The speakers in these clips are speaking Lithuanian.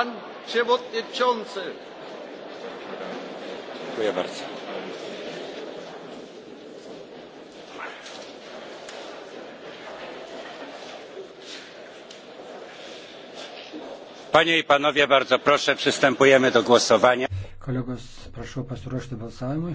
Pan Przewodniczący. Dziękuję bardzo. Panie i panowie, bardzo proszę, przystępujemy do głosowania. Kolegos, proszę pasiruošti balsavimui.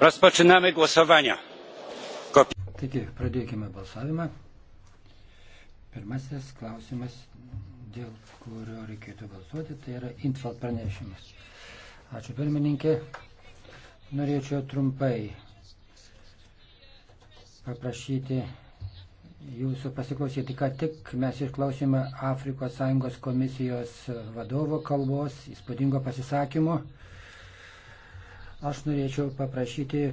Rozpoczynamy głosowania. Kopi... Taigi, pradėkime balsavimą. Pirmasis klausimas, dėl kurio reikėtų balsuoti, tai yra Intfeld pranešimas. Ačiū pirmininkė. Norėčiau trumpai paprašyti jūsų pasiklausyti, ką tik mes išklausėme Afrikos Sąjungos komisijos vadovo kalbos, įspūdingo pasisakymo. Aš norėčiau paprašyti